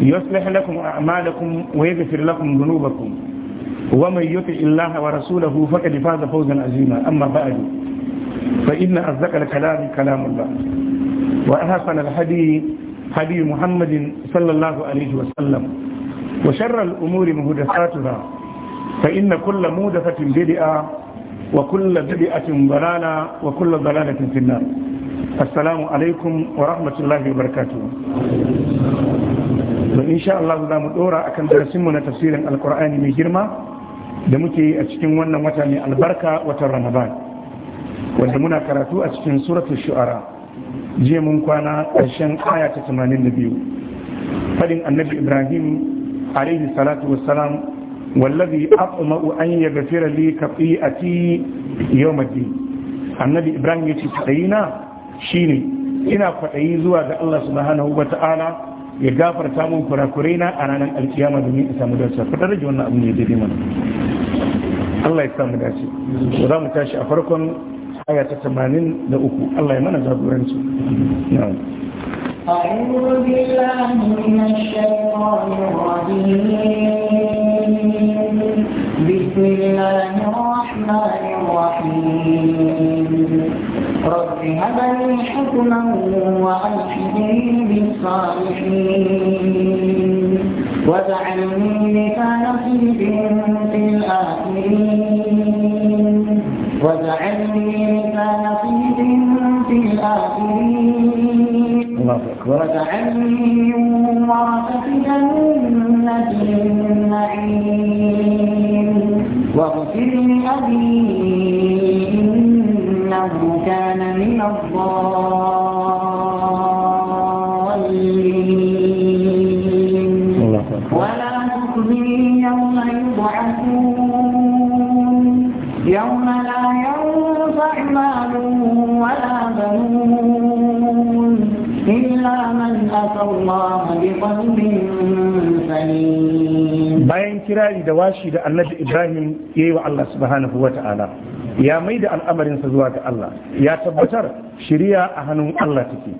يصلح لكم أعمالكم ويغفر لكم ذنوبكم ومن يطع الله ورسوله فقد فاز فوزا عظيما أما بعد فإن أصدق الكلام كلام الله وأحسن الحديث حديث محمد صلى الله عليه وسلم وشر الأمور مهدفاتها فإن كل مودفة بدئة وكل بدئة ضلالة وكل ضلالة في النار السلام عليكم ورحمة الله وبركاته insha Allah za mu dora akan darasinmu na tafsirin alkur'ani mai girma da muke a cikin wannan wata mai albarka watan ramadan wanda muna karatu a cikin suratul shu'ara jiya mun kwana ƙarshen aya ta 82 fadin annabi ibrahim alaihi salatu wassalam wallazi atma'u an yaghfira li khati'ati yawmiddin annabi ibrahim yace tsayina shine ina kwaɗayi zuwa ga Allah subhanahu wata'ala ya gafarta mun kurakurai na a ranar alkiyama domin in samu dace fitar da wannan abu ne daidai mana Allah ya samu dace za mu tashi a farkon aya ta 83 Allah ya mana jagoranci na'am أعوذ بالله من الشيطان الرجيم بسم الله الرحمن الرحيم رب هب لي حكما وألحقني بالصالحين واجعلني لسان صدق في الآخرين واجعلني لسان صدق في الآخرين واجعلني من ورثة جنة النعيم واغفر لأبي إنه كان من الضالين من أتى الله بقلب سليم باين كراري دواشي دا النبي إبراهيم ييوى الله سبحانه وتعالى يا ميد الأمر سزواك الله يا تبتر شريعة أهنم الله تكي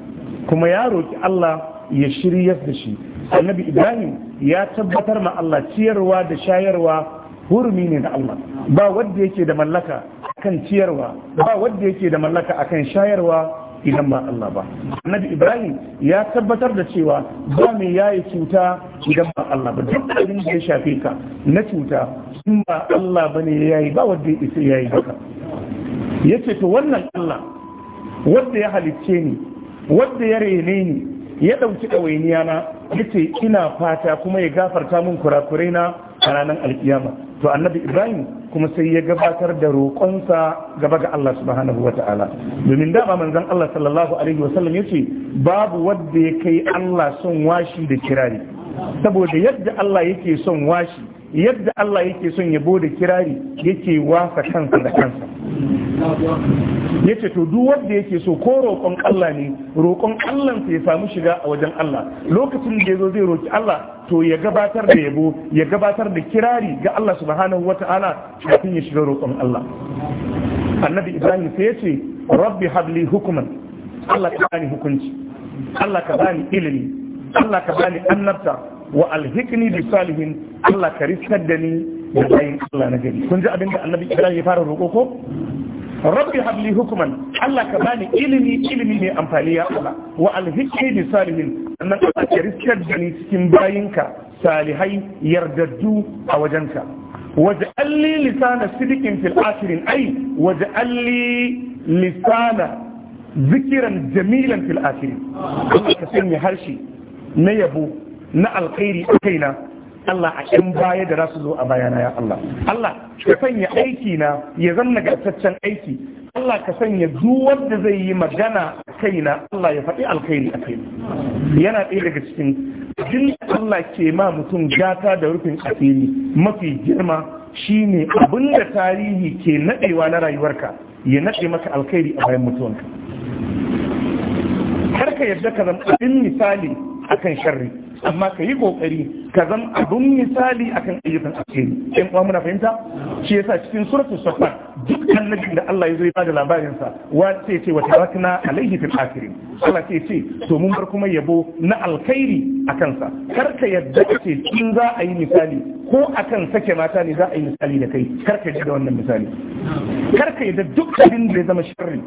كما ياروك الله ya shirya da shi annabi ibrahim ya tabbatar ma Allah ciyarwa da shayarwa hurumi ne da Allah ba wanda yake da mallaka akan ciyarwa ba wanda yake da mallaka akan shayarwa idan ba Allah ba annabi ibrahim ya tabbatar da cewa ba mai yayi cuta idan ba Allah ba duk abin da ya shafe ka na cuta in ba Allah ba ne yayi ba wanda ya yi baka. Ya ce to wannan Allah wanda ya halicce ni wanda ya rene ni ya ɗauki ɗawainiya na ce ina fata kuma ya gafarta min kurakurai na a ranar alkiyama to annabi ibrahim kuma sai ya gabatar da roƙonsa gaba ga Allah subhanahu wata'ala domin dama manzon Allah sallallahu alaihi wasallam yace babu wanda ya kai Allah son washi da kirari saboda yadda Allah yake son washi yadda Allah yake son ya da kirari yake wasa kansa da kansa yace to duk wanda yake so ko roƙon Allah ne roƙon Allah ya samu shiga a wajen Allah lokacin da yazo zai roki Allah to ya gabatar da yabo ya gabatar da kirari ga Allah subhanahu wata'ala kafin ya shiga roƙon Allah annabi Ibrahim sai yace rabbi habli hukuman Allah ka bani hukunci Allah ka bani ilimi Allah ka bani annabta wa alhikni bi salihin Allah ka riskar da ni da bayin Allah na gari kun ji abin da annabi Ibrahim ya fara roƙo ko rabbi habli hukuman Allah ka bani ilimi ilimi mai amfani ya Allah wa alhikni bi salihin annan Allah ka riskar da ni cikin bayinka salihai yardaddu a wajenka waj'al li lisana sidqin fil akhirin ay waj'al li lisana zikiran jamilan fil akhirin Allah ka sanya harshe na yabo na alkhairi a kaina Allah a ƴan baya da za su zo a bayana ya Allah Allah ka sanya aiki na ya zanna nagartaccen aiki Allah ka sanya duk da zai yi magana a kaina Allah ya faɗi alkhairi a kaina yana ɗaya daga cikin jin Allah ke ma mutum gata da rufin asiri mafi girma shine abin da tarihi ke naɗewa na rayuwarka ya naɗe maka alkhairi a bayan mutuwanka Har ka yarda ka zama abin misali akan sharri amma ka yi ƙoƙari ka zan abin misali akan ayyukan alheri in kuma muna fahimta shi yasa cikin suratul safar duk annabin da Allah ya zai bada labarin sa wa sai ce wa tarakna alaihi fil akhirin Allah sai ce to mun bar kuma yabo na alkhairi a kansa. kar ka yadda ce in za a yi misali ko akan sake mata ne za a yi misali da kai kar ka yadda wannan misali kar ka yadda duk abin da ya zama sharri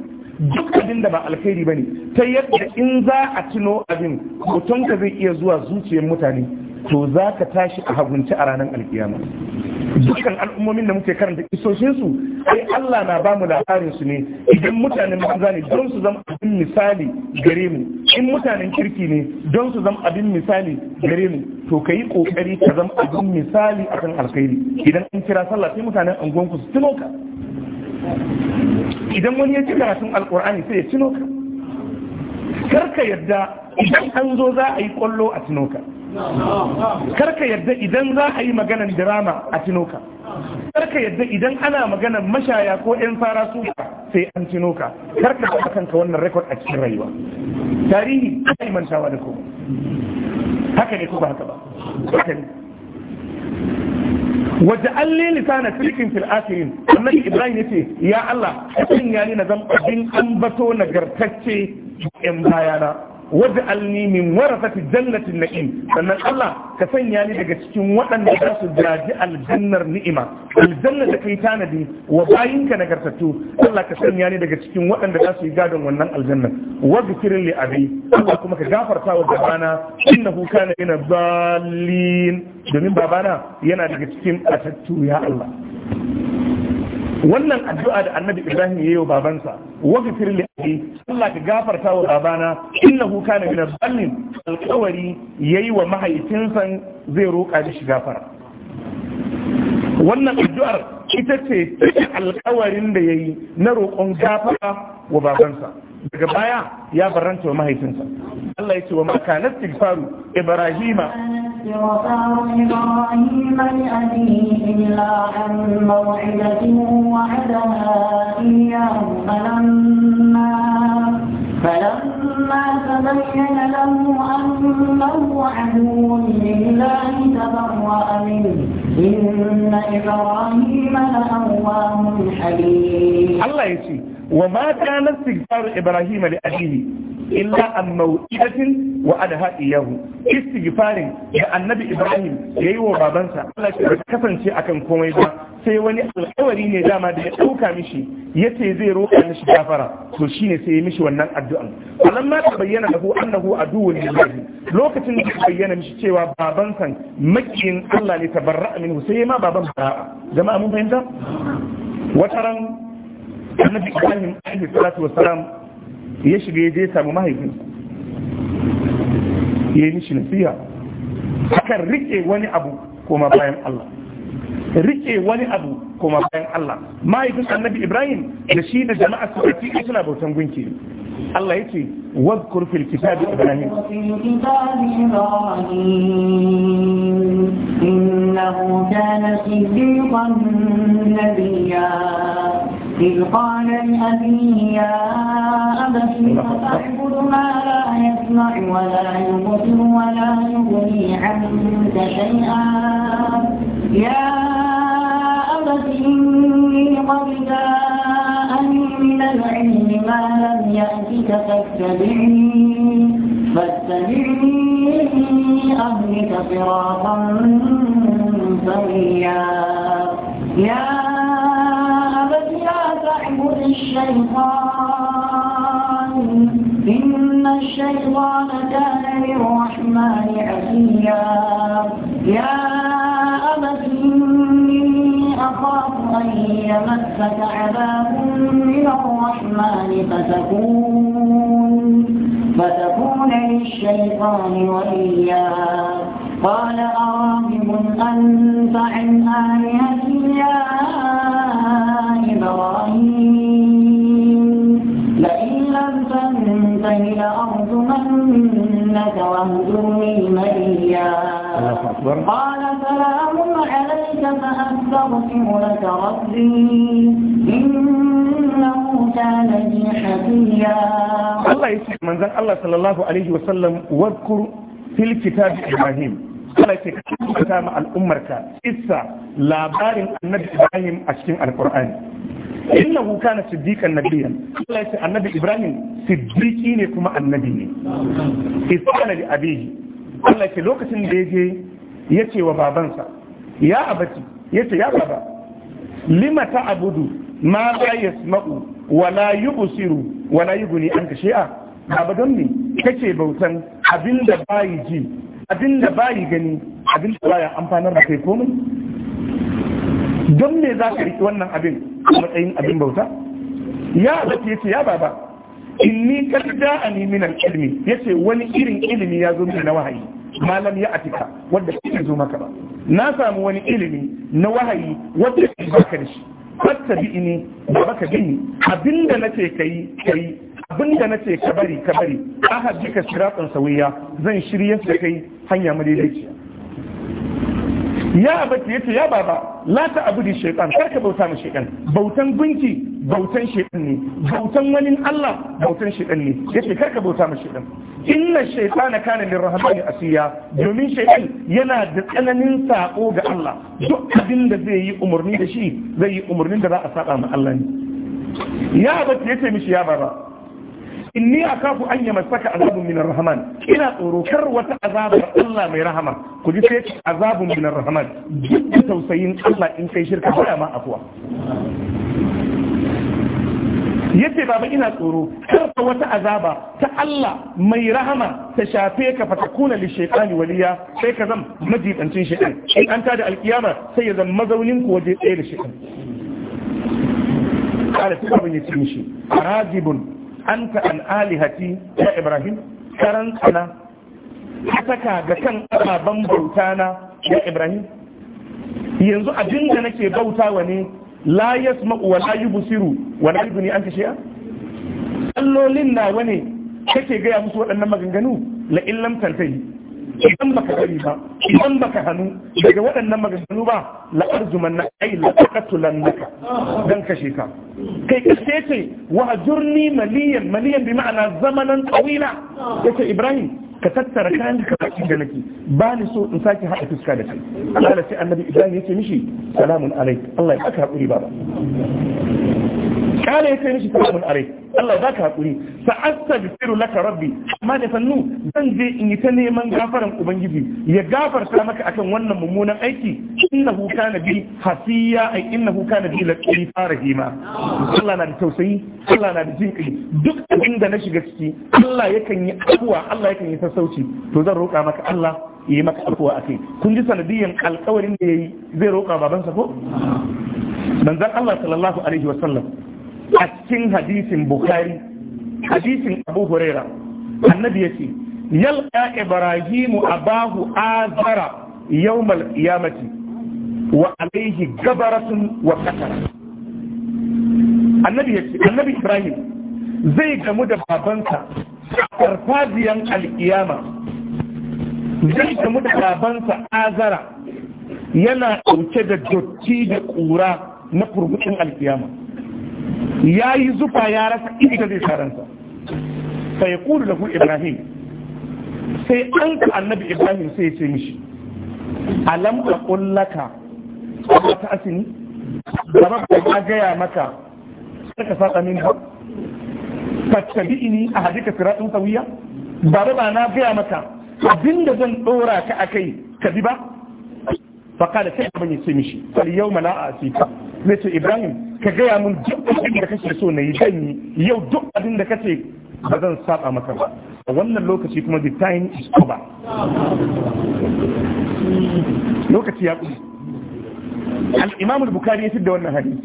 duk abin da ba alkhairi bane ta yadda in za a tuno abin mutum ka zai iya zuwa zuciyar mutane to za ka tashi a hagunci a ranar alkiyama dukkan al'ummomin da muke karanta kisoshinsu sai Allah na ba mu labarin su ne idan mutanen banza ne don su zama abin misali gare mu in mutanen kirki ne don su zama abin misali gare mu to ka yi kokari ka zama abin misali akan alkhairi idan an kira sallah sai mutanen anguwanku su tuno ka idan wani ya ci karatun alkur'ani sai ya tuno ka kar ka yarda idan an zo za a yi kwallo a tinoka karka yadda idan za a yi maganan dirama a tinoka karka yadda idan ana maganan mashaya ko 'yan fara suka sai an tinoka karka da kanka wannan rekod a cikin rayuwa tarihi ta yi mantawa da kuma haka ne ko ba haka ba وجعل لي لسان صدق في الاخرين النبي ابراهيم يتي يا ya ان يعني نزم ابن انبتو نغرتacce in bayana waj'alni min warafati jannati na'im sannan Allah ka sanya ni daga cikin waɗanda za su gaji aljannar ni'ima aljannar da kai tanadi wa bayinka nagartattu Allah ka sanya ni daga cikin waɗanda za su yi gadon wannan aljannar waghfir li abi Allah kuma ka gafarta wa babana innahu kana min zallin, domin babana yana daga cikin atattu ya Allah wannan addu'a da annabi ibrahim ya yi wa babansa waka firli ali allah ka gafarta wa babana innahu kana min al-ballin alƙawari yayi wa mahaifinsa zai roƙa da shi gafara wannan addu'ar ita ce alƙawarin da yayi na roƙon gafara wa babansa daga baya ya faranta wa mahaifinsa Allah ya ce wa makanat ibrahima استغفار إبراهيم لأبيه إلا عن موعدة وعدها إياه فلما فلما تبين له أنه عدو لله تبرأ منه إن إبراهيم لأواه حليم الله يسير وما كان استغفار إبراهيم لأبيه illa an mau'idatin wa adha iyahu istighfarin da annabi ibrahim yayi wa babansa Allah ya kasance akan komai ba sai wani alƙawari ne dama da ya ɗauka mishi ce zai roƙa mishi gafara to shine sai ya mishi wannan addu'an alam ma bayyana lahu annahu aduwwun lillahi lokacin da bayyana mishi cewa baban san makiyin Allah ne tabarra'a minhu sai ma baban ba. jama'a mun fahimta wataran annabi Ibrahim alaihi salatu wassalam ya shiga ya je samu mahaifin ya yi mishi nasiha akan rike wani abu kuma bayan Allah rike wani abu kuma bayan Allah mahaifin annabi Ibrahim da shi da jama'a su suna bautan gunki الله يتي واذكر في الكتاب إبراهيم إنه كان صديقا نبيا إذ قال لأبيه يا أبت فأعبد ما لا يسمع ولا يبصر ولا يغني عنك شيئا يا ما لم يأتك فاتبعني فاتبعني أهلك صراطا سويا يا أبت لا تعبد الشيطان إن الشيطان كان للرحمن عزيا يا أبت إني أخاف أن يمسك عذاب من الرحمن فتكون فتكون للشيطان وليا قال أراهب أنت عن آلهتي يا إبراهيم لئن لم تنته لأرجمنك واهجرني مليا قال سلام فأستغفر لك ربي إنه كان بي حفيا الله يسلم من الله صلى الله عليه وسلم واذكر في الكتاب إبراهيم Allah ce ka ma al'ummarka isa labarin annabi Ibrahim a cikin Alƙur'ani. Innahu kana siddiqan nabiyyan. Allah ce annabi Ibrahim siddiqi ne kuma annabi ne. Isana da abihi. Allah ce lokacin da yaje ya ce wa babansa ya abati ce ya baba lima abudu ma la yasma'u wa la yubsiru wa guni an anka shay'a baba don ne kace bautan abinda bayi ji abinda bayi gani abinda bayi amfanar da kai komai don me za ka riki wannan abin a matsayin abin bauta ya abati ce ya baba inni kad ja'ani min al-ilmi yace wani irin ilimi ya zo min na wahayi malam ya atika wanda kike zo maka ba na samu wani ilimi na wahayi ba ka da shi fatta bi ini da baka gini abinda yi. ka yi abinda ce ka bari ka bari ahad ka siratun sauya zan shirye da kai hanya madaidaiciya ya abati ce ya baba la ta abudi shaytan kar ka bauta mu shaytan bautan gunki bautan shaytan ne bautan wani Allah bautan shaytan ne ce kar ka bauta mu shaytan inna kane kana lirrahmani asiya domin shaytan yana da tsananin sako ga Allah duk abin da zai yi umarni da shi zai yi umarnin da za a saba ma Allah ne ya abati yace mishi ya baba inni akafu an yamassaka azabun minar rahman ina tsoro kar wata azabar Allah mai rahama ku ji sai azabun minar rahman duk tausayin Allah in kai shirka baya ma afuwa yace baba ina tsoro karka wata azaba ta Allah mai rahama ta shafe ka fa takuna li shaytani waliya sai ka zam majibancin shaytan in an tada alkiyama sai ya zama mazaunin ku waje tsaye da shaytan kala ta abin shi a ragibun anka an alihati ya ibrahim karan tsana ka ga kan ababen bauta na ya ibrahim yanzu abin da nake wa ne la yasma'u wa la yubsiru wa la yughni anta shay'a allolin nawa ne kake gaya musu waɗannan maganganu la illam tantahi idan baka bari ba idan baka hannu daga waɗannan maganganu ba la'arzuman na ai la'aqatulan naka dan kashe ka kai kace ce wajurni maliyan maliyan bi ma'ana zamanan tawila yace Ibrahim ka tattara kayan ka baki da nake ba ni so in sake haɗa fuska da kai Allah sai annabi Ibrahim yace mishi salamun alaik Allah ya baka hakuri baba kala ya kai mishi salamun alai Allah za ka haƙuri sa'asta da tsiru laka rabbi amma da sannu zan je in yi ta neman gafaran ubangiji ya gafarta maka akan wannan mummunan aiki huka na bi hasiya ai huka na bi laqi farahima Allah na da tausayi Allah na da jinkai duk abin da na shiga ciki Allah yakan yi abuwa Allah yakan yi sassauci to zan roƙa maka Allah yi maka afuwa a kai kun ji sanadiyyan alkawarin da ya yi zai roƙa babansa ko manzan Allah sallallahu alaihi wasallam a cikin hadisin bukari hadisin abu huraira annabi ya ce yalƙa ibrahimu abahu azara yau malƙiyamati wa alaihi gabaratun wa qatara annabi ya ce annabi ibrahim zai gamu da babansa a farfajiyar alƙiyama zai gamu da babansa azara yana ɗauke da dotti da ƙura na furgutun alƙiyama ya yi zufa ya rasa ita zai sharansa sai ya kudu da ibrahim sai an ka annabi ibrahim sai ya ce mishi alam a kullaka a ta asini zama ba ya gaya maka ka sa Ka ba bi ni a hadika siratun sauya ba ba na gaya maka abinda zan dora ka akai ka bi ba fa kada sai ban ya ce mishi fal yawma la asika na ce ibrahim ka gaya mun duk abin da kake so na yi zan yi yau duk abin da kace ba zan saba maka ba a wannan lokaci kuma the time is over lokaci ya ƙuri al-imam al-bukhari ya da wannan hadisi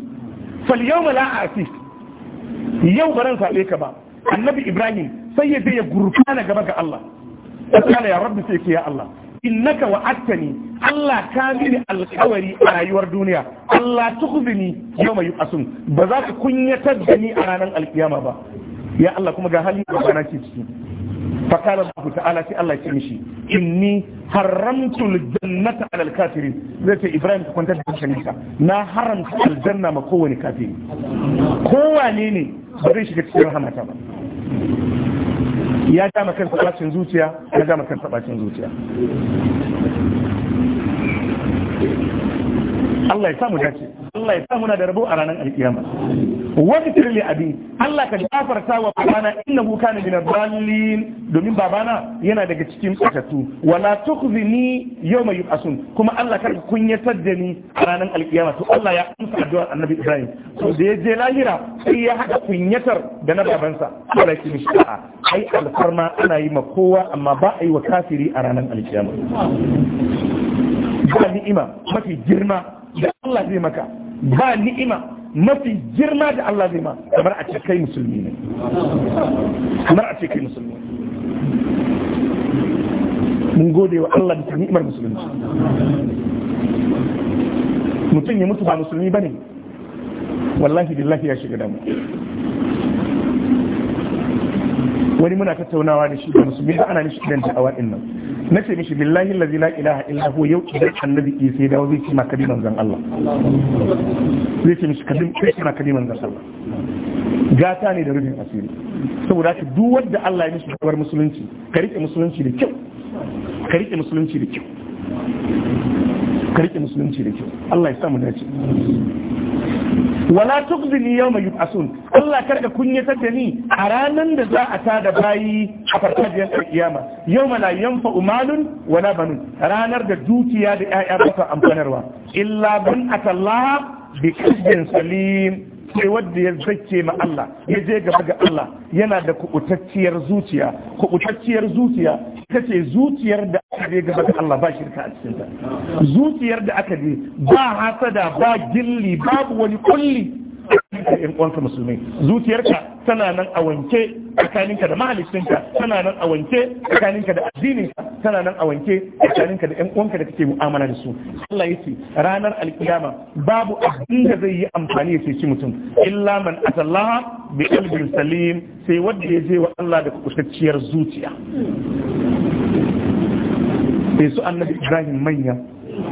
fal yawma la a'ti yau baran sabe ka ba annabi ibrahim sai ya je ya gurfana gaba ga Allah sai ya rabbi sai ya Allah innaka wa'attani Allah ka mini alkawari a rayuwar duniya Allah tukhzini yawma yub'asun ba za ka kunyatar da ni a ranar alkiyama ba ya Allah kuma ga hali da bana ke ciki fakala Allah ta'ala sai Allah ya mishi inni haramtu aljannata ala alkafirin zai ce Ibrahim ka kwantar da hankalinka na haramta aljanna ma kowane kafiri kowane ne ba zai shiga cikin rahamata ba ya ja kansa sabacin zuciya ya ja kansa sabacin zuciya Allah ya samu dace Allah ya samu na da rabo a ranar alkiyama waghfir li abi Allah ka gafarta wa babana innahu kana min ad-dallin domin babana yana daga cikin tsakatu wala tukhzini yawma yub'asun kuma Allah ka kunyatar da ni a ranar alkiyama to Allah ya amsa addu'ar Annabi Ibrahim to da ya je lahira sai ya haɗa kunyatar da na babansa wala ki misha'a ai alfarma ana yi ma kowa amma ba a yi wa kafiri a ranar alkiyama ba ni'ima mafi girma da Allah zai maka ba ni'ima mafi girma da Allah zai ma kamar a ce kai musulmi ne kamar a ce kai musulmi mun gode wa Allah da ni'imar musulunci mutum ya mutu ba musulmi bane wallahi billahi ya shiga damu wani muna tattaunawa da shi da musulmi da ana mishi idan da'awa din nan na ce mishi billahi allazi la ilaha illa huwa yau idan annabi isa ya dawo zai ce ma kadi manzon Allah zai ce mishi kadi zai ce ma kadi manzon Allah gata ne da rufin asiri saboda ka duk wanda Allah ya mishi kawar musulunci ka rike musulunci da kyau ka rike musulunci da kyau ka musulunci da kyau Allah ya samu dace wala tukzini yawma yub'asun Allah karka kunyatar da ni a ranan da za a tada bayi a farfajiyar kiyama yawma la yanfa'u malun wala banun ranar da dukiya da ƴaƴa ba ta amfanarwa illa man atallah bi qalbin salim sai wanda ya zace ma Allah ya je gaba ga Allah yana da kubutacciyar zuciya kubutacciyar zuciya ita ce zuciyar da aka gaba da Allah ba shirka a cikinta zuciyar da aka je ba hasada ba gilli babu wani kulli a yan zuciyarka tana nan a wanke tsakaninka da mahalicinka tana nan a wanke tsakaninka da addininka tana nan a wanke tsakaninka da yan uwanka da kake mu'amala da su Allah ya ce ranar alkiyama babu abin da zai yi amfani ya ceci mutum illa man atallaha bi qalbin salim sai wanda ya je wa Allah da kusacciyar zuciya da su annabi ibrahim manya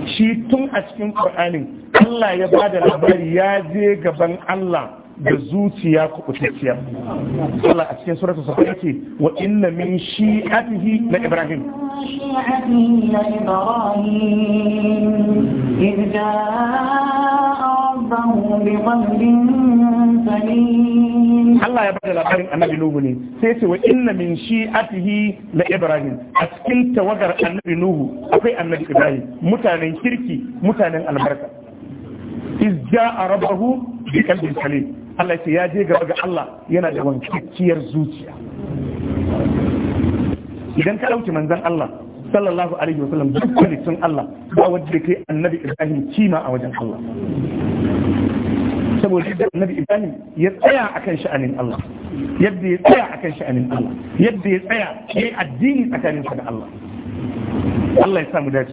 shi tun a cikin ƙur'anin allah ya ba da labari ya je gaban allah da zuciya kubutacciya Allah a cikin suratul safa yake wa inna min shi'atihi na ibrahim Allah ya bada labarin annabi Nuhu ne sai ce wa inna min shi'atihi la Ibrahim a cikin tawagar annabi Nuhu akwai annabi Ibrahim mutanen kirki mutanen albarka iz ja'a rabbahu bi qalbin salim Allah ce ya je gaba ga Allah yana da wankakkiyar zuciya idan ka ɗauki manzan Allah sallallahu alaihi wasallam duk sun Allah ba wanda da kai annabi Ibrahim kima a wajen Allah saboda yadda annabi Ibrahim ya tsaya akan sha'anin Allah yadda ya tsaya akan sha'anin Allah yadda ya tsaya ya yi addini tsakaninsa da Allah Allah ya samu dace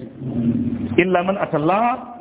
illa man atallaha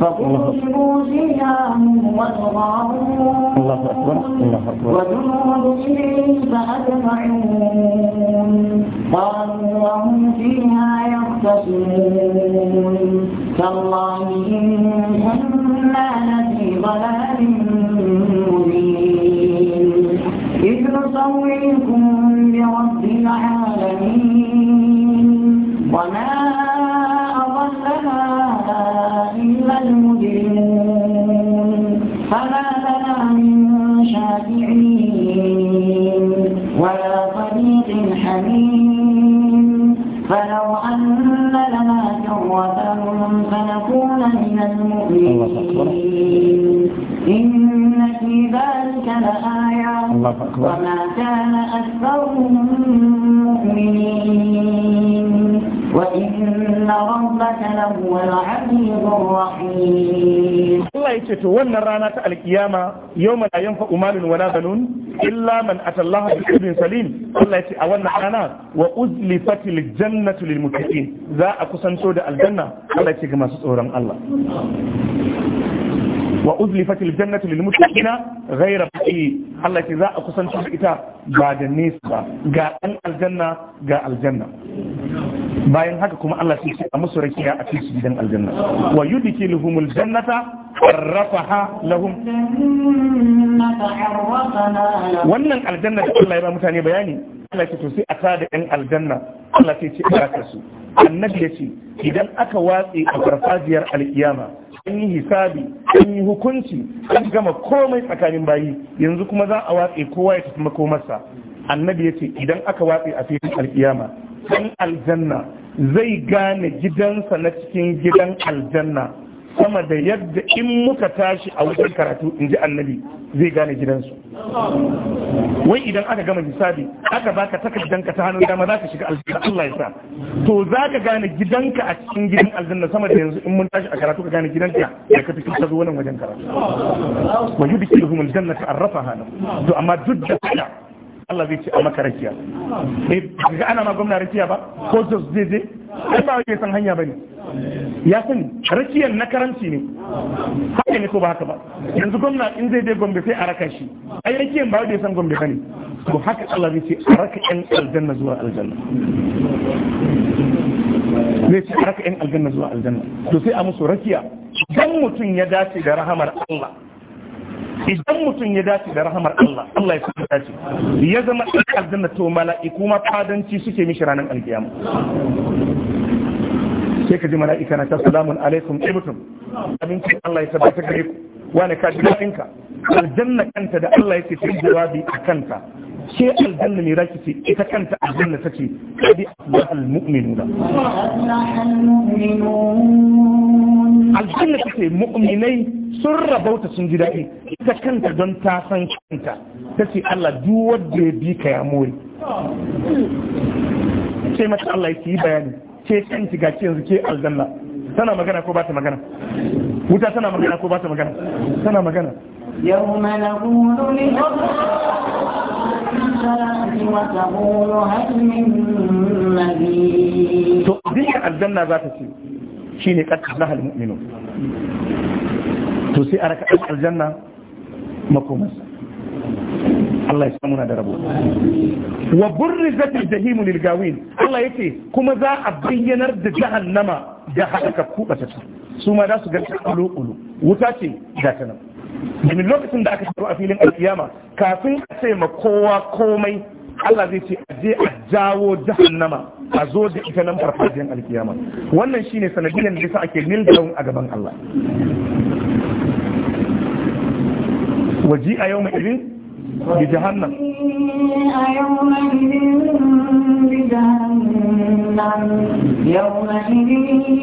الله أكبر الله أكبر وجنود إبليس أجمعون قالوا وهم فيها يختصمون تالله إن كنا لفي ضلال مبين إذ نسويكم برب العالمين وما ورثهم فنكون من المؤمنين إن في ذلك لآية وما كان أكثرهم مؤمنين Allah ya ce to wannan rana ta alkiyama yau mana yan fa umalun wala banun illa man atallaha bi qalbin salim Allah ya ce a wannan rana wa uzlifatil jannatu lil muttaqin za a kusanto da aljanna Allah ya ce ga masu tsoron Allah wa uzlifatil jannatu lil muttaqina ghayra baqi Allah ce za a kusanto da ita ba da nesa ga dan aljanna ga aljanna bayan haka kuma Allah sai a musu rakiya a cikin gidan aljanna wa yudkhiluhumul jannata arrafaha lahum wannan aljanna da Allah ya ba mutane bayani Allah ce to sai a tada ɗan aljanna Allah sai ce a su annabi ya ce idan aka watse a farfajiyar alkiyama an yi hisabi an yi hukunci an gama komai tsakanin bayi yanzu kuma za a watse kowa ya tafi makomarsa annabi ya ce idan aka watse a filin alkiyama ɗan aljanna zai gane gidansa na cikin gidan aljanna sama da yadda in muka tashi a wajen karatu in ji annabi zai gane gidansu wai idan aka gama misali aka baka takardanka ta hannun dama za ka shiga aljanna Allah ya sa to za ka gane gidanka a cikin gidan aljanna sama da yanzu in mun tashi a karatu ka gane gidanka da ka fito ka zo wannan wajen karatu wa yudkhiluhum aljannata arrafaha to amma duk da haka Allah zai ce a maka rakiya eh ga ana ma gwamna rakiya ba ko jos zai je ai ba wai san hanya ba ne. ya san rakiyan na karanci ne haka ne ko ba haka ba yanzu gwamna in zai je gombe sai a raka shi ai rakiyan ba wai san gombe ba ne. to haka Allah zai ce a raka yan aljanna zuwa aljanna zai ce a raka yan aljanna zuwa aljanna to sai a musu rakiya dan mutum ya dace da rahamar Allah idan mutum ya dace da rahamar Allah Allah ya saka dace ya zama ɗan aljanna to mala'iku ma fadanci suke mishi ranar alkiyama sai ka ji mala'ika na ta salamun alaikum ibtum abinci Allah ya tabbata gare ku wani ka ji daɗinka aljanna kanta da Allah ya ce ta yi jawabi a kanta sai aljanna ne zaki ce ita kanta aljanna ta ce kadi aflahal mu'minuna aflahal mu'minuna aljanna take mu'minai sun rabauta sun ji daɗi ita kanta don ta san kanta ta ce Allah duk wanda ya bi ka ya more sai mata Allah yake yi bayani ce kanki ga ce yanzu ke aljanna tana magana ko ba ta magana wuta tana magana ko ba ta magana tana magana يوم نقول وتقول هل من مزيد تؤذيك za ta الشيء shine qad nahal mu'minun to sai a raka aljanna makomas Allah ya samu na da rabo wa burrizatil jahim lil gawin Allah yake kuma za a bayyanar da jahannama da ku kubata ta su ma za su ulu kulukulu wuta ce ga ta nan domin lokacin da aka shigo a filin alkiyama kafin a ce ma kowa komai Allah zai ce a je a jawo jahannama a zo da ita nan farfajiyar alkiyama wannan shine sanadiyan da yasa ake nil down a gaban Allah waji a yau mai irin bi jahannam a yau mai irin bi jahannam يومئذ يتذكر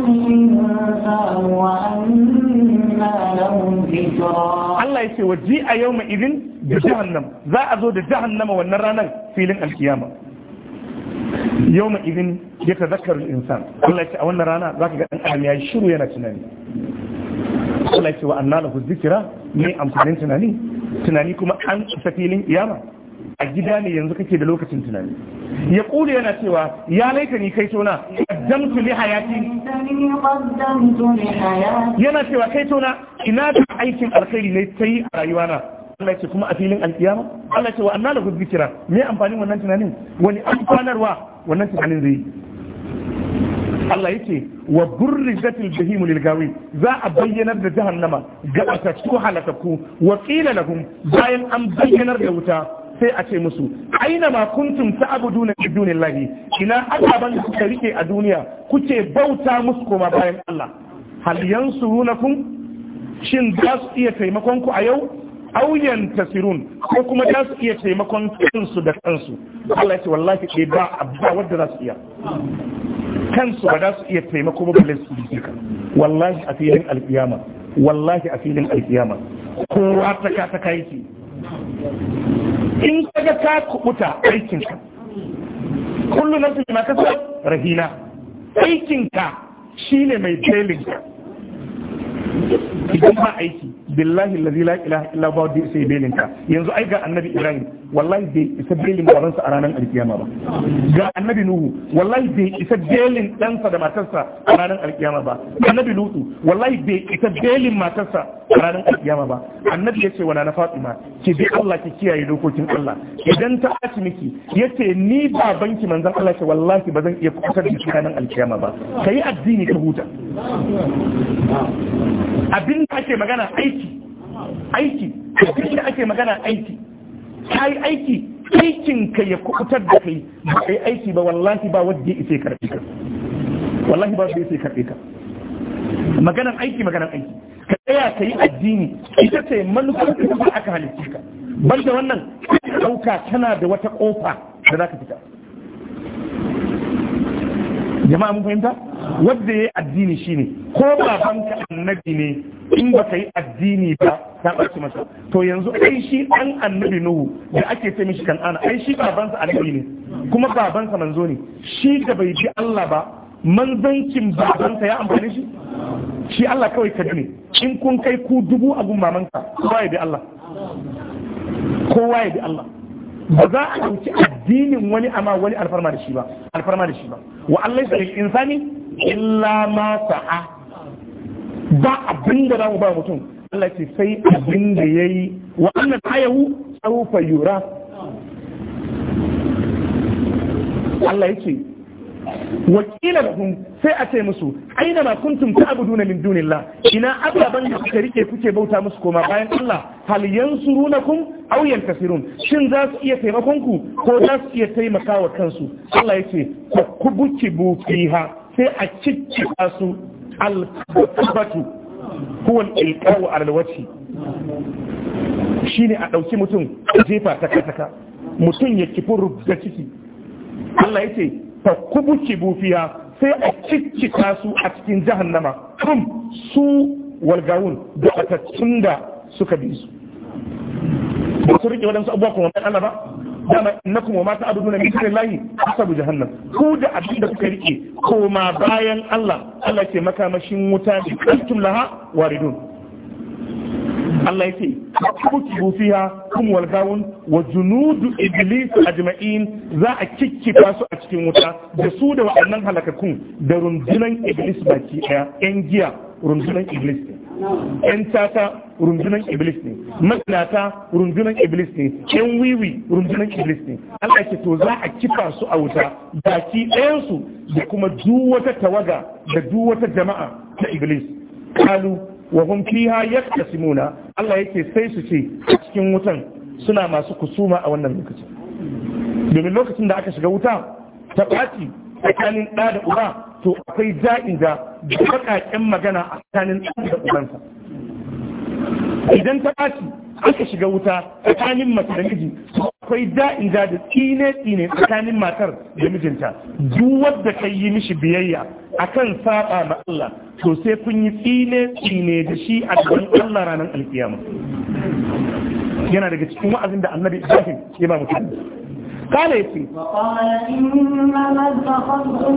الإنسان وأنى له الذكرى Allah ya ce wa ji a yau mai izin da jahannam za a zo da jahannama wannan ranar filin alkiyama yau mai izin ya ta zakarar insan Allah ya ce a wannan rana za ka ga ɗan adam ya yi shiru yana tunani Allah ya ce wa annala ku zikira ne amfanin tunani tunani kuma an isa filin iyama a gida ne yanzu kake da lokacin tunani ya kula yana cewa ya laika ni kai tona qaddamtu li hayati yana cewa kai tona ina da aikin alkhairi ne sai a rayuwana Allah ce kuma a filin alkiyama Allah ce wa anna lahu dhikra me amfanin wannan tunanin wani amfanarwa wannan tunanin zai Allah ce wa burrizatil jahimu lil gawi za a bayyanar da jahannama ga atakku halakaku wa qila lahum bayan an bayyanar da wuta sai a ce musu aina ma kuntum ta'buduna min dunillahi ina ababan da kuka rike a duniya kuke bauta musu koma bayan Allah hal runakun, shin za su iya taimakon ku a yau auyan tasirun ko kuma za su iya taimakon kansu da kansu Allah ya ce wallahi ke eh, ba abba wanda za su iya kansu ba za su iya taimako ba balle su jika wallahi a filin alkiyama wallahi a filin alkiyama kowa ta ka ta kai in kaga ka kubuta aikinka kullu nafsin ma kasab rahina aikinka shine mai bailinka idan ba aiki billahi allazi la ilaha illa huwa da sai belinka ka yanzu ai ga annabi ibrahim wallahi bai isa belin baban sa a ranar alkiyama ba ga annabi nuhu wallahi bai isa belin ɗansa da matarsa a ranar alkiyama ba annabi lutu wallahi bai isa belin matarsa a ranar alkiyama ba annabi yace wa na fatima ki bi Allah ki kiyaye dokokin Allah idan ta aci miki yace ni babanki manzon Allah ce wallahi ba zan iya kusantar da ranar alkiyama ba kai addini ka huta abin da ake magana aiki aiki abin da ake magana aiki ka yi aiki aikin ka ya kubutar da kai ba yi aiki ba wallahi ba wadda ya isa karfe ka wallahi ba wadda ya isa karfe ka maganan aiki maganan aiki ka tsaya ka yi addini ita ce manufar da ba aka halitta ka ban da wannan ɗauka tana da wata ƙofa da za ka fita jama'a mun fahimta wanda ya yi addini shi ne ko babanka annabi ne in ba ka yi addini ba ta ɓarci masa to yanzu ai shi ɗan annabi nuhu da ake ce mishi kan ana ai shi babansa annabi ne kuma babansa manzo ne shi da bai bi Allah ba manzancin babansa ya amfani shi shi Allah kawai ka ne in kun kai ku dubu a gun mamanka kowa ya bi Allah ba za a ɗauki addinin wani amma wani alfarma da shi ba alfarma da shi ba wa Allah ya insani illa ma sa'a ba abin da zamu ba mutum Allah ce sai abin da yayi wa annan ayahu sawfa yura Allah yake wakila sai a ce musu aina ma kuntum ta'buduna min dunillah ina ababan da kuka rike kuke bauta musu koma bayan Allah hal yansurunakum aw yantasirun shin za su iya taimakon ku ko za su iya taimakawa kansu Allah yace ku kubuki bufiha sai a cicci su al-tabatu huwa al-ilqa'u ala al-wajhi shine a dauki mutum jefa ta kasaka mutum ya kifin rubda ciki Allah yace fa kubukibu fiha sai a ciccika su a cikin jahannama kum su walgawun da atattun da suka bi su ba su rike waɗansu abubuwa kuma mai Allah ba dama innakum wa na ta'buduna min dunillahi hasabu jahannam ku da abin da kuka rike koma bayan Allah Allah ke makamashin wuta bi kuntum laha waridun Allah yake kutubu fiha kum kuma walgawun, wa junudu iblis ajma'in za a kikkifa su a cikin wuta da su da wa'annan halakakun da rundunan iblis baki ɗaya. yan giya rundunan iblis ne yan tata rundunan iblis ne mazinata rundunan iblis ne yan wiwi rundunan iblis ne Allah ke to za a kifa su a wuta baki ɗayansu da kuma duk wata tawaga da duk wata jama'a ta iblis kalu wa hum fiha yaqtasimuna Allah yake sai su ce cikin wutan suna masu kusuma a wannan lokacin domin lokacin da aka shiga wuta ta ɓaci tsakanin ɗa da uba to akwai da'in da baƙaƙen magana a tsakanin da ubansa idan ta ɓaci aka shiga wuta tsakanin mace da miji akwai da'in da tsine-tsine tsakanin matar da mijinta duk wadda ka yi mishi biyayya akan saba ma Allah to sai kun yi tsine-tsine da shi a gaban Allah ranar alkiyama yana daga cikin wa'azin da annabi Ibrahim ya ba mutane قال سيدي وقال إنما اتخذتم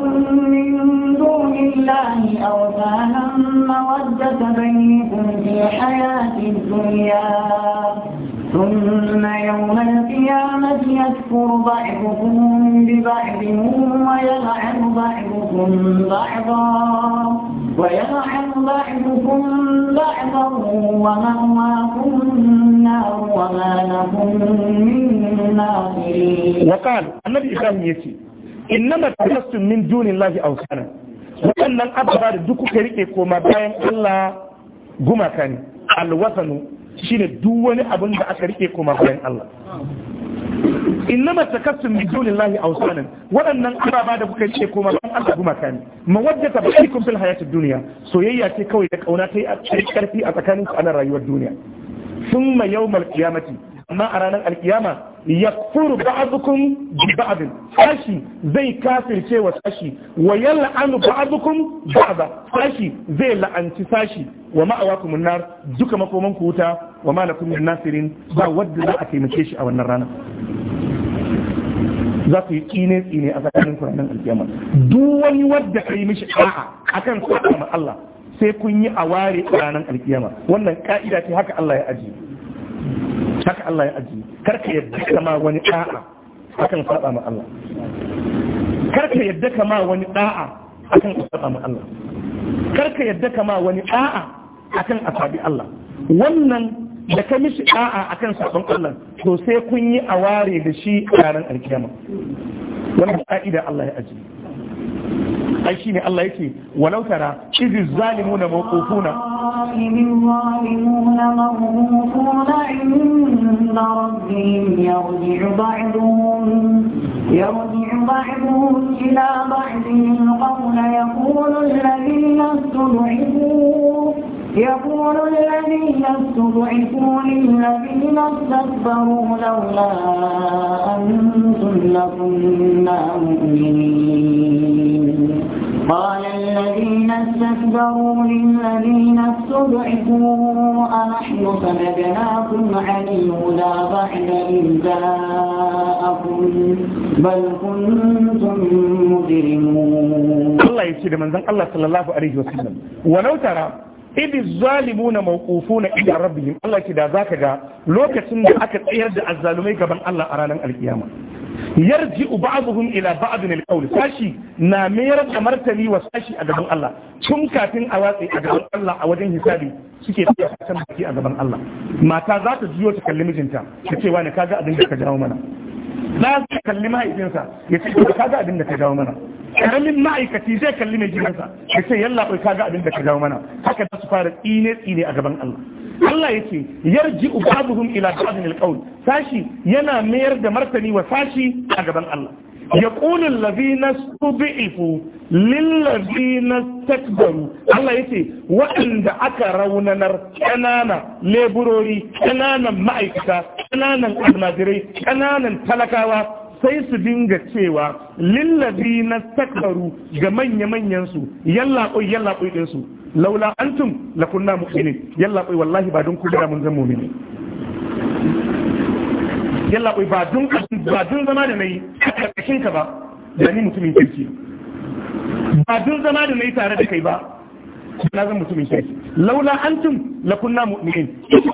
من دون الله أوثانا مودة بينكم في الحياة الدنيا ثم يوم القيامة يكفر بعضكم ببعض ويلعن بعضكم بعضا ويلعن بعضكم بعضا ومأواكم النار وما لكم من ناصرين وقال النبي إخام يتي إنما تحسن من دون الله أوثانا waɗannan ababa da duk kuka rike koma bayan Allah gumaka ne shine duk wani abin da aka rike koma bayan Allah Inna innama takassum bi dunillahi awsanan waɗannan ababa da kuka ce kuma an Allah gumaka ne mawaddata baikum fil hayatid dunya soyayya ce kawai da kauna ta yi karfi a tsakanin ku a nan rayuwar duniya thumma yawmal qiyamati amma a ranar alkiyama yakfuru ba'dukum bi ba'd sashi zai kafirce wa sashi wa yal'anu ba'dukum ba'da sashi zai la'anci sashi wa ma'awakum nar duka makoman ku wuta wa malakum min nasirin ba wadda za a taimake shi a wannan rana za ku yi tsine tsine a tsakanin kuranin alkiyama duk wani wadda ka yi mishi a'a akan kan Allah sai kun yi a ware ranar alkiyama wannan ka'ida ce haka Allah ya aji. haka Allah ya ajiye karka yadda kama wani da'a akan saba ma Allah karka yadda ma wani da'a akan saba ma Allah karka yadda ma wani da'a akan asabi Allah wannan da ka mishi akan sabon Allah to sai kun yi a ware da shi a ranar alkiyama wani ka'ida Allah ya aji ai ne Allah yake walau tara izi na mawqufuna يرجع بعضهم إلى بعض القول يقول الذين استضعفوا يقول الذين استضعفوا للذين استكبروا لولا أنتم لكنا مؤمنين قال الذين استكبروا للذين استضعفوا أنحن صددناكم عن الهدى بعد إذ جاءكم بل كنتم مجرمون الله يشهد من ذنب الله صلى الله عليه وسلم ولو ترى idi na mawqufuna rabbi, rabbihim Allah ki da zaka ga lokacin da aka tsayar da azzalumai gaban Allah a ranar alkiyama yarji ba'dhum ila ba'd al-qawl sashi na mayar da martani wa sashi a gaban Allah tun kafin a watsi a gaban Allah a wajen hisabi suke a kan baki a gaban Allah mata za ta juyo ta kalli mijinta ta ce ka kaga abin da ka jawo mana ɗa zai kalli mahaifinsa ya ce to kaga abin da ka jawo mana karamin ma'aikaci zai kalli mai gidansa ya ce yalla kaga abin da ka jawo mana haka za su fara tsine tsine a gaban Allah Allah yake yarji ubaduhum ila ba'dil qawl sashi yana mayar da martani wa sashi a gaban Allah يقول الذين استضعفوا للذين استكبروا الله يتي aka raunanar نر كنانا لبروري كنانا مأيكتا كنانا المادري كنانا تلكاوا sai su dinga cewa lillazi na ga manya-manyan su yalla koi yalla din su laula antum lakunna mu'minin yalla koi wallahi ba don da mun zan mu'mini yalla ba dun ba dun zama da nayi karkashin ka ba da ni mutumin kirki ba dun zama da nayi tare da kai ba na zan mutumin kirki laula antum lakunna mu'minin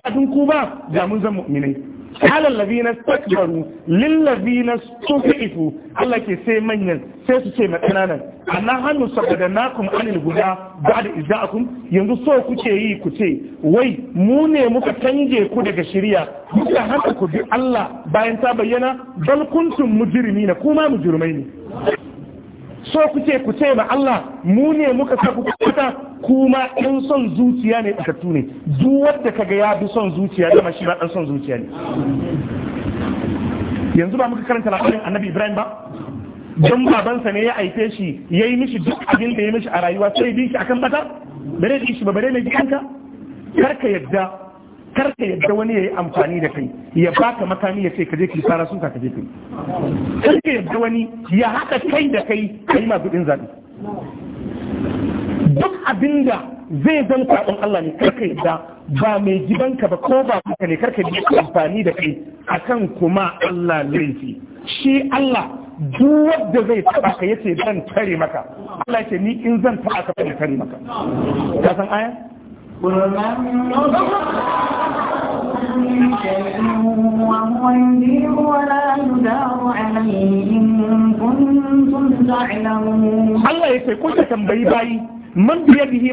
ba dun ku ba da mun zan mu'minai ala ladina stakbaru lil ladina stufifu Allah ke sai manyan sai su ce ma kananan anna hannu nakun anil guda ba'da izaakum yanzu so kuke yi ku ce wai mu ne muka canje ku daga shirya muka hana ku bi Allah bayan ta bayyana bal kuntum mujrimina kuma mujrimai ne so kuce ku ce ma Allah mu ne muka sa ku kuta kuma in son zuciya ne tsakattu ne duk wanda kaga ya bi son zuciya da shi ma dan son zuciya ne yanzu ba muka karanta labarin Annabi Ibrahim ba dan babansa ne ya aike shi yayi mishi duk abin da ya mishi a rayuwa sai bi akan bata bare shi ba bare mai kanka kar ka yadda karka ka yadda wani ya yi amfani da kai ya baka makami ya ce ka je ki fara sun ka je kai kar yadda wani ya haɗa kai da kai kai yi masu ɗin zaɓe duk abinda zai zan kwaɗin Allah ne kar yadda ba mai gidanka ba ko ba kuka ne karka ka yi amfani da kai akan kuma Allah laifi shi Allah duk wanda zai taba ka yace zan tare maka Allah ce ni in zan taba ka zan tare maka ka san aya قل ya وهو يدير ولا يدار عليه إن man biya bihi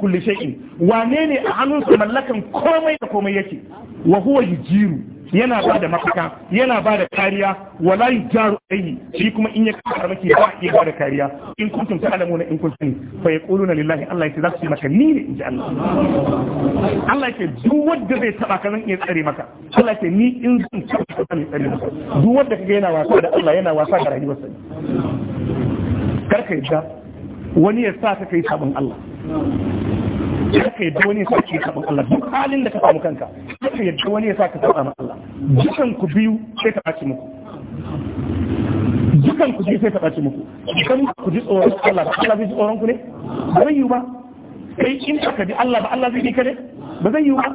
kulli shay'in wane ne a hannunsa mallakan komai da komai yake wa huwa yujiru yana ba da mafaka yana ba da kariya wala jaru alayhi shi kuma in ya kafa maki ba iya ba da kariya in kuntum ta'lamuna in kun sani fa yaquluna lillahi Allah ya zasu maka ni ne in inji Allah Allah ya duk wanda zai taba ka zan iya tsare maka Allah ya ni in zan taba ka zan tsare maka duk wanda kaga yana wasa da Allah yana wasa da rayuwarsa karka yadda wani ya sa ka kai sabon Allah ya ka yadda wani ya ke saɓin Allah duk halin da ka samu kanka ka yadda wani ya ka ma Allah dukan ku biyu sai ta ɓaci muku dukan ku biyu sai ta ɓaci muku idan ku ji tsoron Allah ba Allah zai ji tsoron ku ne ba zai yi ba kai in ka bi Allah ba Allah zai bi ka ne ba zai yi ba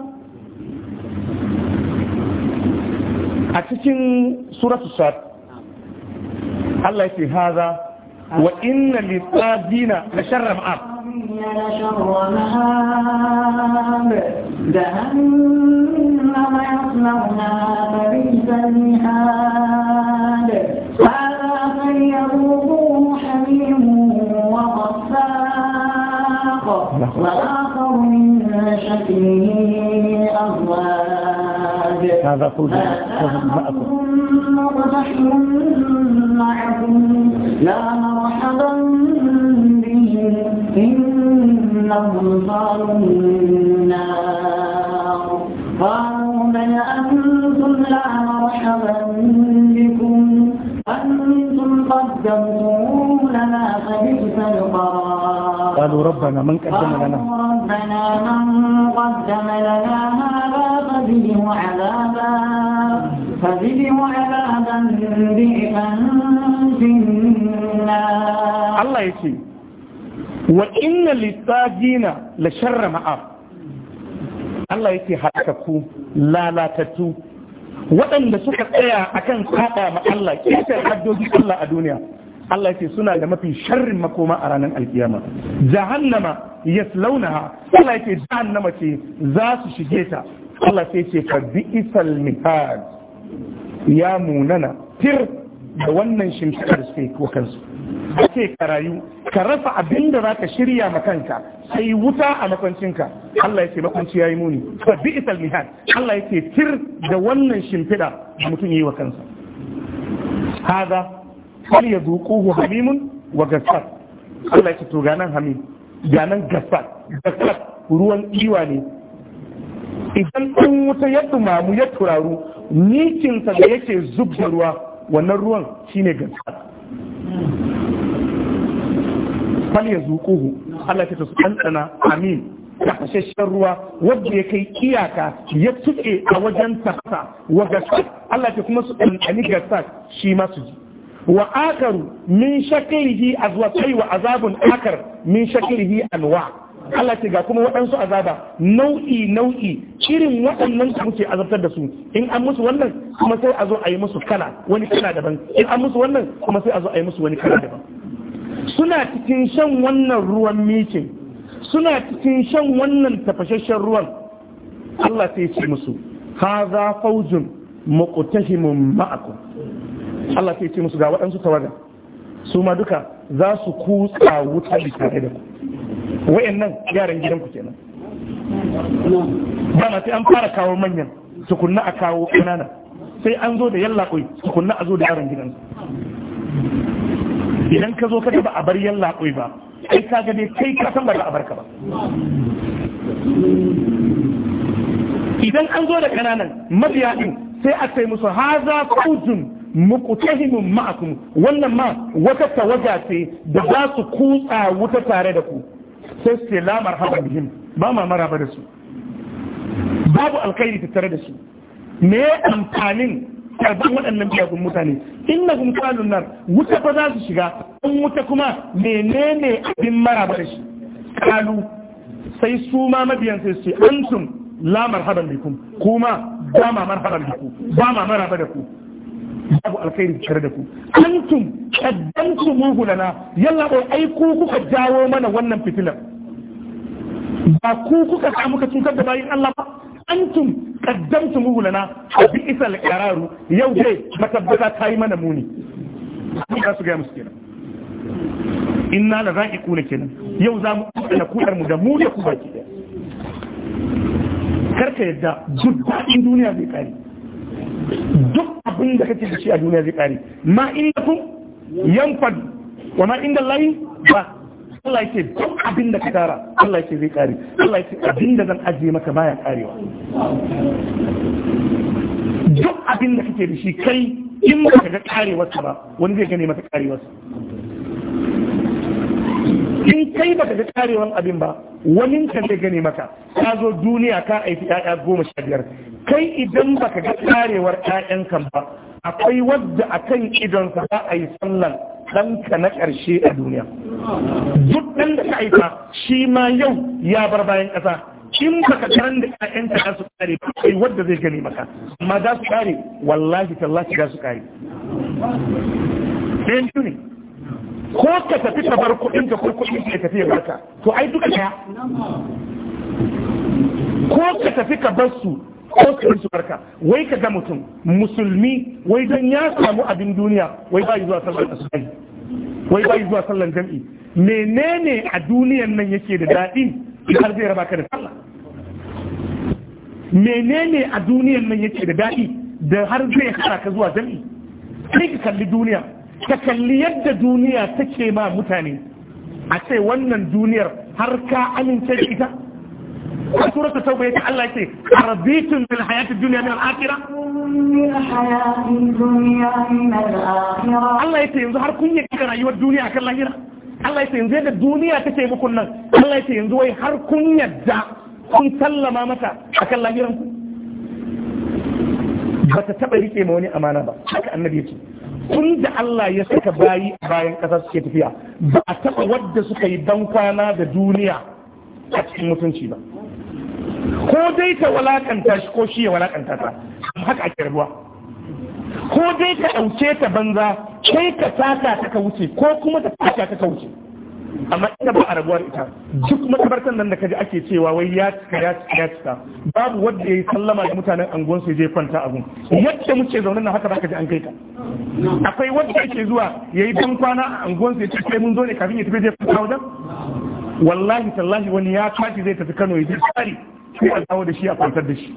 a cikin suratul sad Allah ya ce haza wa inna lil na la sharra إن جهنم يصلونها فبئس المهاد هذا فليذوقوه حميم وغساق وآخر من شكله أزواج هذا قول مرتح معكم لا أنهم صاروا النار قالوا بل أنتم لا مرحبا بكم أنتم قدمتموه لنا فبئس القرار قالوا ربنا من قدم لنا ربنا من قدم لنا هذا فزده عذابا فزده عذابا ضعفا في النار الله يكفي wa inna lissajina la sharra ma'ab Allah yake halakaku lalatattu waɗanda suka tsaya akan saba ma Allah kisar haddodin Allah a duniya Allah yake suna da mafi sharrin makoma a ranar alkiyama jahannama yaslaunaha Allah yake jahannama ce za su shige ta Allah sai ce ka bi isal mihad ya munana tir da wannan shimfiɗar sai ko kansu ake ka rayu ka rasa abin da zaka shirya ma kanka sai wuta a makwancinka Allah yake makwanci yayi muni fa bi'sal mihad Allah yake tir da wannan shimfida da mutum yi wa kansa hada fal yazuquhu hamimun wa gassat Allah yake to ganan hamim ganan gassat gassat ruwan iwa ne idan ɗan wuta ya dumamu ya turaru sa da yake zub ruwa wannan ruwan shine gassat fal ya zuƙuhu Allah ta su ɗanɗana amin tafashashen ruwa wadda ya kai iyaka ya tuke a wajen tafasa wa gasar Allah ta kuma su ɗanɗani gasar shi ma su ji wa akaru min azwa kai wa azabun akar min shaklihi anwa Allah ce ga kuma waɗansu azaba nau'i nau'i irin waɗannan su muke azabtar da su in an musu wannan kuma sai a zo a yi musu kala wani kala daban in an musu wannan kuma sai a zo a yi musu wani kala daban suna cikin shan wannan ruwan mikin suna cikin shan wannan tafashashen ruwan Allah sai ce musu za faujin muqtahimun ma'aku Allah sai ce musu ga waɗansu tawaga su ma duka za su kutsa wuta da tare da ku nan yaran ku kenan ba sai an fara kawo manyan tukunna a kawo ƙanana sai an zo da yalla su tukunna a zo da yaran gidan idan ka zo ka ba a bar yalla koi ba ai ka ga kai ka san ba a barka ba idan an zo da kananan mabiya din sai a sai musu haza kujun muqtahimun ma'akum wannan ma wata tawaga ce da za su kutsa wuta tare da ku sai su la marhaba bihim ba ma maraba da su babu alkhairi tattare da su me amfanin karban waɗannan biyagun mutane in kuma kalun nan, wuta fa za su shiga in wuta kuma menene abin maraba da shi kalu sai su ma mabiyan sai su antum la marhaban bikum kuma ba ma marhaban ku, ba ma ba da ku babu alkhairi tare da ku antum qaddamtumuhu lana yalla ko ai ku kuka jawo mana wannan fitilar ba ku kuka samu muka cutar da bayin Allah ba antum muhu lana bi isal qararu yau dai matabbata ta yi mana muni abin su ga musu kenan inna la za'iquna kenan yau za mu na kudar mu da mu da ku baki daya karka yadda duk daɗin duniya zai kare duk abin da kake da shi a duniya zai kare ma inda kun yanfad wa ma inda layi ba Allah ya ce duk abin da ka tara Allah ya ce zai kare Allah ya ce abin da zan ajiye maka baya karewa duk abin da kake da shi kai in ba ka ga karewarsa ba wani zai gane maka karewarsa in kai ba ka ga karewar abin ba wani ka zai gane maka ka zo duniya ka aiki ya'ya goma sha biyar kai idan ba ka ga karewar kan ba akwai wadda akan sa za a yi sallan ɗanka na ƙarshe a duniya duk ɗan da ka aika shi ma yau ya bar bayan ƙasa in baka karan da ƴaƴanka za su kare ba kai wadda zai gani maka amma za su kare wallahi tallahi za su kare ɗayan ne ko ka tafi ka bar kuɗin ka ko kuɗin ka tafi ya baka. to ai duka ɗaya ko ka tafi ka bar su ko su su barka wai ka ga mutum musulmi wai don ya samu abin duniya wai ba zuwa sallar asubai wai ba zuwa sallar jam'i menene a duniyan nan yake da daɗi har zai raba ka da sallah menene a duniyan nan yake da daɗi da har zai hana ka zuwa jam'i sai ka kalli duniya ka kalli yadda duniya take ma mutane a ce wannan duniyar har ka amince da ita a suratul tauba yake Allah yake arbitun bil hayatid dunya min al akhirah Allah yake yanzu har kun yi rayuwar duniya kan lahira Allah yake yanzu yadda duniya take muku nan Allah yake yanzu wai har kun yadda kun sallama mata akan lahiran ba ta taba rike ma wani amana ba haka annabi yake tun da Allah ya saka bayi a bayan ƙasar suke tafiya ba a taɓa wadda suka yi dan kwana da duniya a cikin mutunci ba ko dai ta walakanta shi ko shi ya walakanta ta haka ake rabuwa ko dai ka ɗauke ta banza kai ka taka ta ka wuce ko kuma ta taka ta ka wuce amma ina ba a rabuwar ita duk makabartan nan da kaji ake cewa wai ya cika ya cika ya cika babu wanda ya yi sallama da mutanen anguwan su je kwanta a gun yadda muke zaune nan haka ka ji an kai ta akwai wanda yake zuwa yayi ban kwana a anguwan su ya ce sai mun zo ne kafin ya tafi je kwanta wajen wallahi tallahi wani ya tashi zai tafi kano ya tsari sai a dawo da shi a kwantar da shi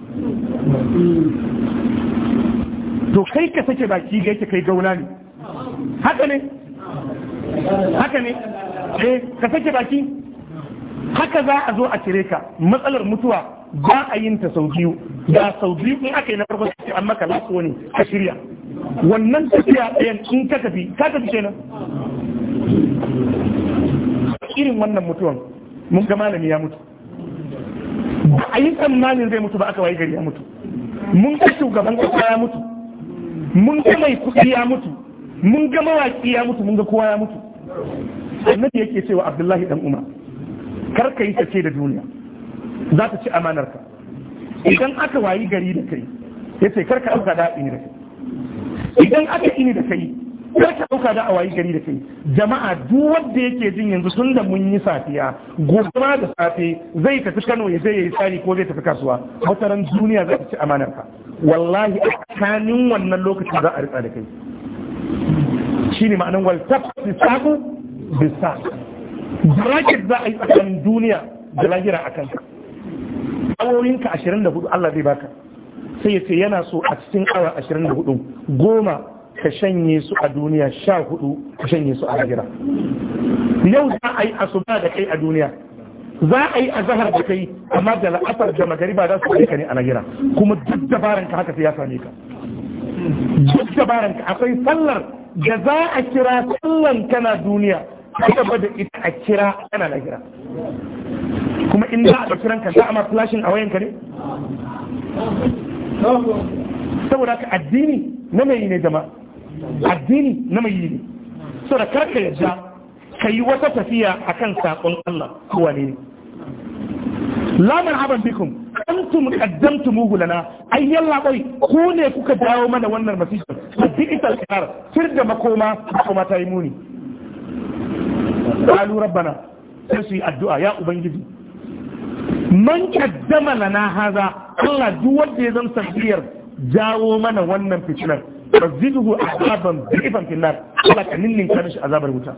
to kai ka sake baki ga yake kai gauna ne haka ne haka ne eh ka sake baki haka za a zo a cire ka matsalar mutuwa ba a yin ta sau biyu da sau biyu in aka yi na farko sai an maka lasu wani ka shirya wannan tafiya ɗayan in ka tafi ka tafi kenan irin wannan mutuwan mun ga malami ya mutu ba a yi tsammanin zai mutu ba aka wayi gari ya mutu mun ga shugaban kasa ya mutu mun ga mai kuɗi ya mutu mun ga mawaƙi ya mutu mun ga kowa ya mutu annabi yake cewa abdullahi dan umar kar ka yi sace da duniya za ta ci amanar ka, idan aka wayi gari da kai ya ce kar ka auka da ini da kai idan aka ini da kai kar ka dauka da awayi gari da kai jama'a duk wanda yake jin yanzu tun da mun yi safiya gobe da safe zai tafi Kano ya je yayi tsari ko zai tafi kasuwa wataran duniya za ta ci amanar ka wallahi a tsakanin wannan lokacin za a rika da kai shine ma'anan wal tafsi sabu bisa bracket za a yi tsakanin duniya da lahira akan ka awoyinka 24 Allah zai baka sai ya ce yana so a cikin awa 24 goma ka shanye su a duniya sha hudu ka shanye su a lahira yau za a yi asuba da kai a duniya za a yi azahar da kai amma da la'asar da magariba za su ka ne a lahira kuma duk dabaran ka haka sai ya same ka duk dabaran ka akwai sallar da za a kira sallan kana duniya ka da ita a kira kana lahira kuma in za a ɗauki ka za a ma flashing a wayanka ne saboda ka addini na mai ne jama'a addini na mai yi ne so da karka yadda ka yi wata tafiya akan saƙon Allah kowa ne la marhaban bikum antum qaddamtumuhu lana ay yalla bai ne kuka dawo mana wannan masifar digital kar fir da makoma kuma ta yi muni qalu rabbana sai su yi addu'a ya ubangiji man na, lana haza Allah duk wanda ya zama sabiyar jawo mana wannan fitinar فزده shi azabar في النار الله كان نين kullum عذاب الوتا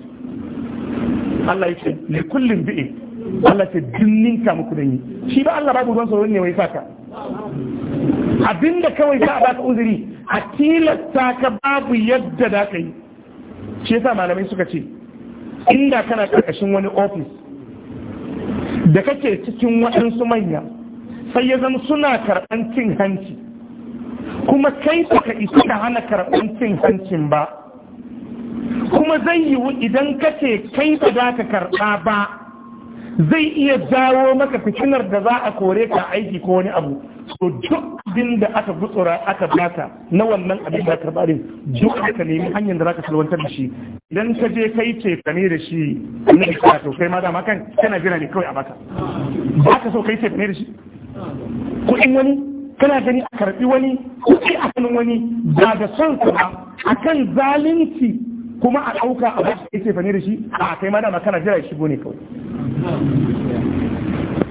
الله يكتب لكل بئر الله تدنين كمكدني شي بقى الله بابو دونسو ne mai saka abinda kawai za a baka uzuri a tilasta ka babu yadda da ka yi shi yasa malamai suka ce inda kana karkashin wani ofis da kake cikin waɗansu manya sai ya zama suna karɓan cin hanci kuma kai baka isa ka hana karɓar cin hancin ba kuma zai yiwu idan ka ce kai ba za ka karɓa ba zai iya jawo maka fitinar da za a kore ka aiki ko wani abu so duk abin da aka gutsura aka baka na wannan abin da karɓa din duk aka nemi hanyar da za ka salwantar da shi idan ka je kai ce ka ne da shi na bisa to kai ma dama kan kana jira ne kawai a baka ba ka so kai ce ka ne da shi kuɗin wani kana gani a karbi wani ko a kan wani ba da son sa ba akan zalunci kuma a ɗauka a wasu yake fani da shi a kai ma dama kana jira shigo ne kawai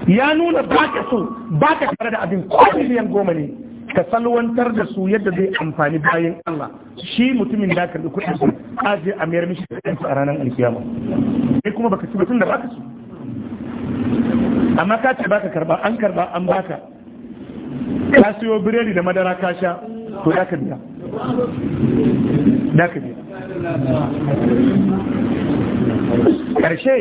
ya nuna ba ka so ba ka tare da abin ko miliyan goma ne ka salwantar da su yadda zai amfani bayan Allah shi mutumin da karɓi kudin su je a mayar mishi da a ranar alkiyama sai kuma baka ci mutum da baka su amma ka ce baka karba an karba an baka ka siyo biredi da madara ka sha to da ka biya da ka biya karshe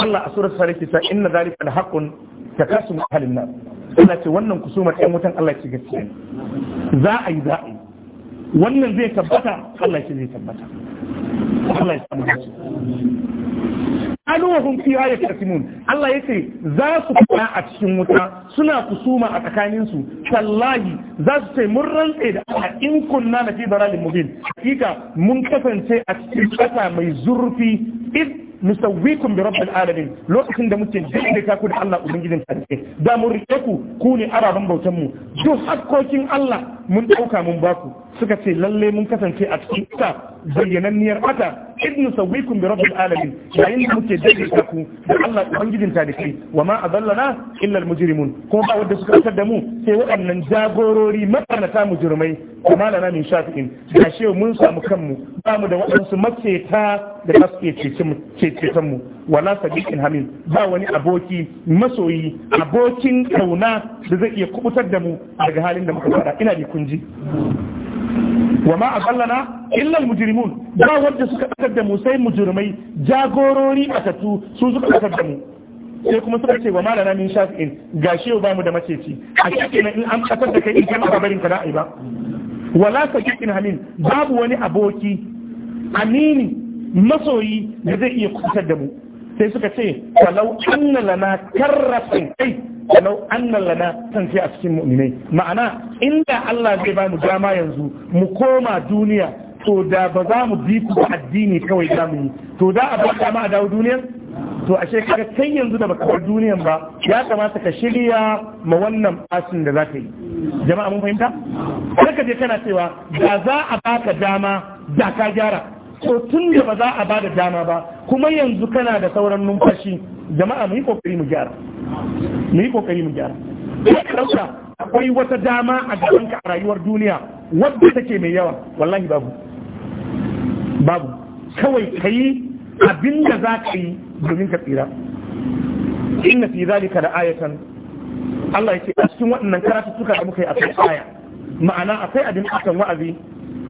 Allah a surar ke sa, inna zalika da haqqun ka kasu halin nan Allah ce wannan kusumar ɗan wutan Allah ce gaskiya za a yi za a yi wannan zai tabbata Allah ce zai tabbata Allah ya samu gaskiya anuwahum fiha yatasimun Allah ya ce za su kuma a cikin wuta suna kusuma a tsakaninsu. su tallahi za su ce mun rantse da Allah in kunna na fi dalalin mubin hakika mun kasance a cikin kasa mai zurfi id nusawwikum bi rabbil alamin lokacin da muke ta ku da Allah ubangijin sarki da mun rike ku ku ne ababen bautan mu duk hakkokin Allah mun dauka mun ba ku. suka ce lalle mun kasance a cikin ita bayyananniyar ata idnu sawwikum bi rabbil alamin yayin da muke daidaita ku da Allah ubangijin ta dake wa ma adallana illa al mujrimun ko ba wanda suka tsar da mu sai waɗannan jagorori makarnata mujrimai kuma lana min shafi'in da shi mun samu kanmu ba mu da waɗansu maceta da kaske cecen mu wala sadiqin hamim ba wani aboki masoyi abokin kauna da zai iya kubutar da mu daga halin da muka fada ina da kunji wa ma aqallana illa almujrimun ba wanda suka dakar da mu sai mujrimai jagorori batatu su suka dakar da mu sai kuma suka ce wa malana min shafi'in gashi yau bamu da maceci a cikin in an kasar da kai in kana ba barin ka da'i ba wala sakikin halin babu wani aboki amini masoyi da zai iya kusantar da mu sai suka ce walau anna lana karratan kai walau anna lana san sai a cikin mu'minai ma'ana inda Allah zai ba dama yanzu mu koma duniya to da ba za mu bi ku addini kawai za mu yi to da a ba a dawo duniya to ashe kaga kai yanzu da baka bar duniya ba ya kamata ka shirya ma wannan basin da za ka yi jama'a mun fahimta sai ka je kana cewa da za a baka dama da ka gyara to tun da ba za a ba da dama ba kuma yanzu kana da sauran numfashi jama'a mu yi kokari mu gyara mu yi kokari mu gyara rauta akwai wata dama a gaban ka a rayuwar duniya wadda take mai yawa wallahi babu babu kawai kai abin da za ka yi domin ka tsira inna fi zalika da ayatan Allah yake a cikin waɗannan suka da muka yi a aya ma'ana akwai abin akan wa'azi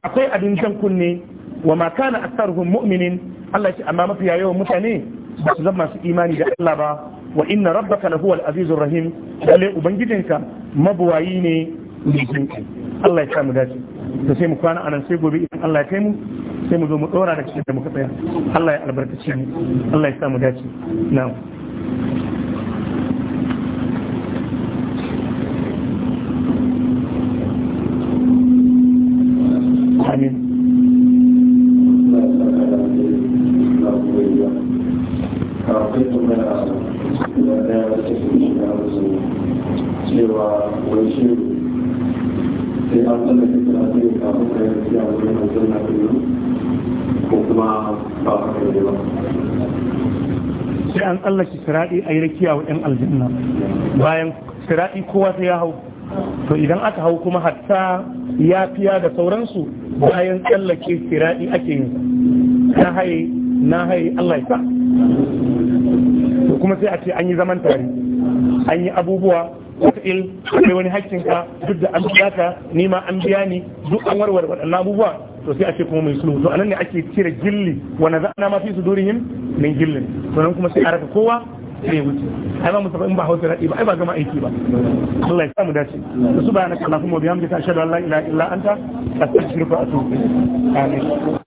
akwai abin jan kunne wa maka da aktharuhum mu'minin Allah ce amma mafiya yawan mutane ba su zama su imani da Allah ba wa inna rabbaka lahu al-azizur rahim lalle ubangijinka mabuwayi ne mai Allah ya samu dace to sai mu kwana anan sai gobe idan Allah ya kai mu sai mu zo mu dora da cikin da muka tsaya Allah ya albarkace mu Allah ya samu dace na'am siraɗi a yi rakiya wa 'yan aljanna bayan siraɗi kowa sai ya hau to idan aka hau kuma hatta ya fiya da sauransu bayan tsallake siraɗi ake yin na haye na haye Allah ya to kuma sai a ce an yi zaman tare an yi abubuwa il akwai wani hakkinka duk da an biya ka ni ma an biya ni duk an warware waɗannan abubuwa to sai a ce kuma mai sulhu to anan ne ake cire gilli wani za'ana ma fi yin? min gillin to nan kuma sai a raka kowa sai wuce ai ba in ba hausa daɗi ba ai ba gama aiki ba Allah ya samu dace da su bayanaka bihamdika ashhadu an la ilaha illa anta astaghfiruka wa atubu ilayk amin